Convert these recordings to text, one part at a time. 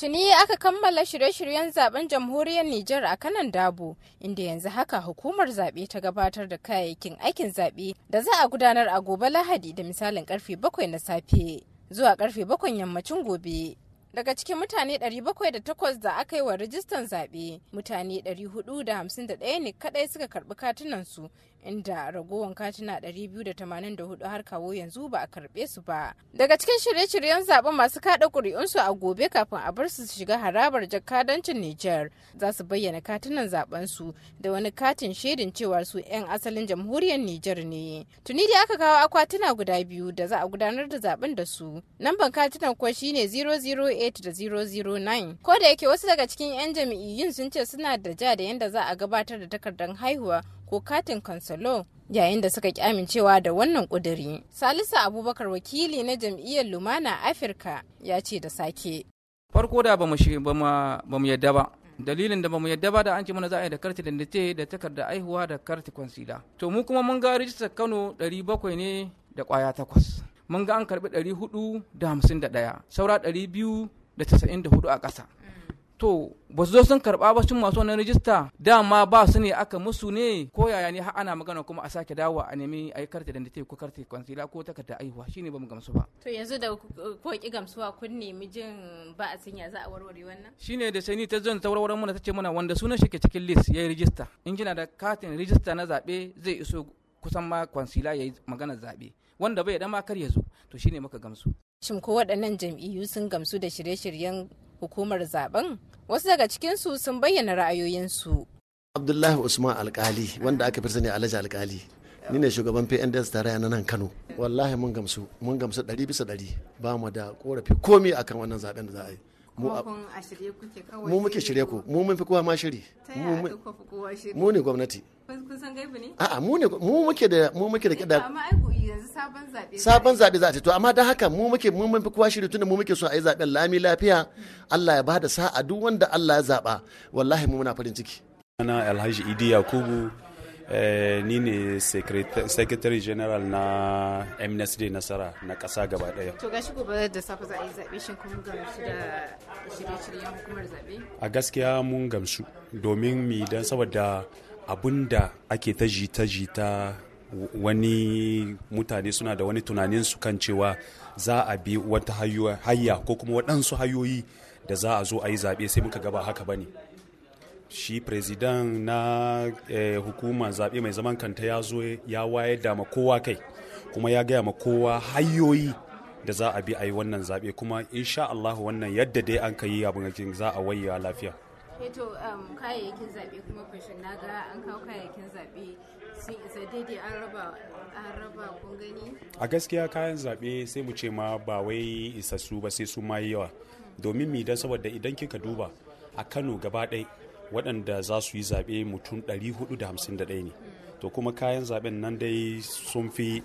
Tuni aka kammala shirye-shiryen zaben jamhuriyar Nijar a kanan Dabo, inda yanzu haka hukumar zaɓe ta gabatar da kayayyakin aikin zaɓe da za a gudanar a gobe Lahadi da misalin karfe bakwai na safe zuwa karfe bakwai yammacin gobe. daga cikin mutane 708 da aka yi wa rijistan zaɓe mutane 451 ne kaɗai suka karɓi katunan su inda ragowar katina 284 har kawo yanzu ba a karɓe su ba daga cikin shirye-shiryen zaɓen masu kaɗa ƙuri'unsu a gobe kafin a bar su shiga harabar jakadancin Nijar za su bayyana katunan zaɓen su da wani katin shaidin cewa su 'yan asalin jamhuriyar Nijar ne tuni da aka kawo akwatuna guda biyu da za a gudanar da zaɓen da su namban katunan kuwa shine 008 08009 ko da yake wasu daga cikin 'yan jami'iyyun sun ce suna da ja da yadda za a gabatar da takardar haihuwa ko katin kansalo yayin da suka ki amincewa da wannan ƙuduri. salisa Abubakar wakili na jam'iyyar Lumana Afirka ya ce da sake. Farko da ba mu yadda ba, dalilin da ba mu yadda ba da an ce mana za a yi da karti da nace da takarda aihuwa da karti kwansila. To mu kuma mun ga rijistar Kano 700 ne da kwaya takwas. Mun ga an karbi 451 saura 200 da tasa'in da hudu a ƙasa to ba su zo sun karɓa ba sun masu wannan rijista dama ba su ne aka musu ne ko yaya ne har ana magana kuma a sake dawo a nemi a yi karta da ko karta kwansila ko takarda aihuwa shine mu gamsu ba to yanzu da ko ki gamsuwa kun nemi jin ba a ya za a warware wannan shi ne da sai ni ta zan warware mana ta ce mana wanda sunan shi ke cikin list yayi rijista in kina da katin rijista na zaɓe zai iso kusan ma kwansila ya yi magana zaɓe wanda bai dama kar ya zo to shi ne muka gamsu Shin ko waɗannan jam'iyyu sun gamsu da shirye-shiryen hukumar zaben? Wasu daga cikinsu sun bayyana ra'ayoyinsu. Abdullahi Usman Alkali wanda aka fi sani Alhaji Alkali ni ne shugaban PNDS raya na nan Kano. Wallahi mun gamsu, mun gamsu ɗari bisa ɗari ba mu da korafi komi akan wannan zaben da za a yi. Mu muke shirye ku, mu mun fi kowa ma shiri. Mu ne gwamnati. ne a'a mu ne mu muke da mu muke da kida eh, amma ai yanzu sabon zabe sabon zabe za ta to amma dan haka mu muke mu mun fi kowa shiri tunda mu muke so yi zaben lami lafiya Allah ya bada sa'a duk wanda Allah ya zaba wallahi mu muna farin ciki ana Alhaji Idi Yakubu eh, ni ne secretary general na mnsd nasara na ƙasa gaba daya to gashi gobe da safe za a yi zaɓe shin kun gamsu da shirye-shiryen hukumar zaɓe a gaskiya mun gamsu domin mi dan saboda abun da ake ta jita-jita wani mutane suna da wani tunanin su kan cewa za a bi wata hayya ko kuma waɗansu hayoyi da za a zo a yi zaɓe sai muka gaba haka ba ne shi firezidan na eh, hukuma zaɓe mai zaman kanta ya zo ya wayar da ma kowa kai kuma ya gaya ma kowa hayoyi da za a bi a yi wannan zaɓe kuma insha Allah wannan yadda dai an ka yi abin za a wayya lafiya Eh, to um, kayayyakin zaɓe kuma kushin na ga an kawo kayayyakin zaɓe sun isa daidai an raba an raba kun gani a gaskiya kayan zaɓe sai mu ce ma ba wai isassu ba sai su ma yawa domin mi da saboda idan kika duba a Kano gaba ɗaya waɗanda za su yi zaɓe mutum 451 ne to kuma kayan zaɓen nan dai sun fi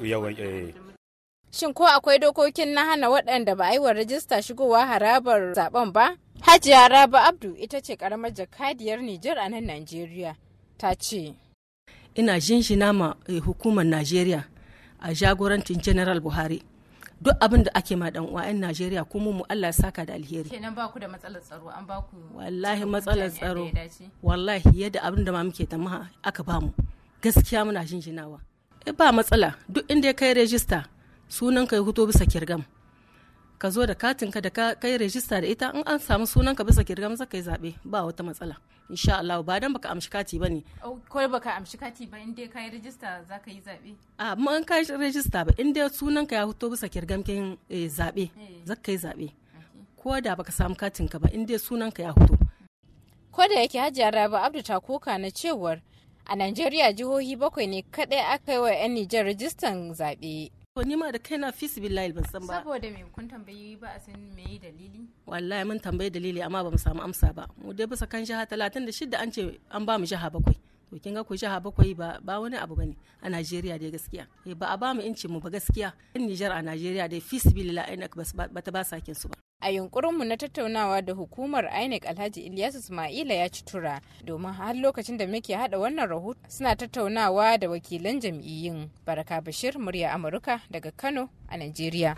yawan eh, Shin ko akwai dokokin na hana waɗanda ba a yi wa rajista shigowa harabar zaben ba? Hajiya Raba Abdu ita ce karamar jakadiyar Nijar a nan Najeriya. Ta ce. Ina jinjina ma eh, hukumar Najeriya a jagorancin General Buhari. Duk abin da ake ma dan uwa'yan Najeriya kuma mu Allah saka da alheri. Kenan ba ku da matsalar tsaro an ba ku. Wallahi matsalar tsaro. Wallahi yadda abin da ma muke tamaha aka ba mu. Gaskiya muna jinjinawa. Eh, ba matsala duk inda ya kai rajista sunan ka ya huto bisa kirgam ka zo da katinka da ka yi rajista da ita in an samu sunanka bisa kirgam za ka yi zaɓe ba wata matsala insha Allah ba dan baka amshi kati bane oh, ko baka amshi kati ba in dai ka yi rajista za ka yi zaɓe ah, a mu an kai rajista ba in dai sunanka ya huto bisa kirgam kin eh, zaɓe eh. za ka yi zaɓe ko da baka samu katinka ba in dai sunanka ya huto ko da yake Hajiya Rabi Abdu ta koka na cewar a Najeriya jihohi bakwai ne kadai aka yi wa 'yan Nijar rajistan zaɓe To ni ma da kaina fis billahi ban san ba. Saboda me kun tambayi ba a san me dalili? Wallahi mun tambayi dalili amma ba mu samu amsa ba. Mu dai bisa kan jiha 36 an ce an ba mu jiha bakwai. To kin ga ku jiha bakwai ba ba wani abu bane a Najeriya dai gaskiya. Eh, ba a ba mu inci mu ba gaskiya. In Niger a Najeriya dai fis billahi ba ta ba sakin su ba. A yunkurinmu na tattaunawa da hukumar INEC Alhaji Ilyas Ismaila ya ci tura domin har lokacin da muke haɗa wannan rahoto suna tattaunawa da wakilan jam'iyyun. Baraka Bashir murya Amurka daga Kano a Najeriya.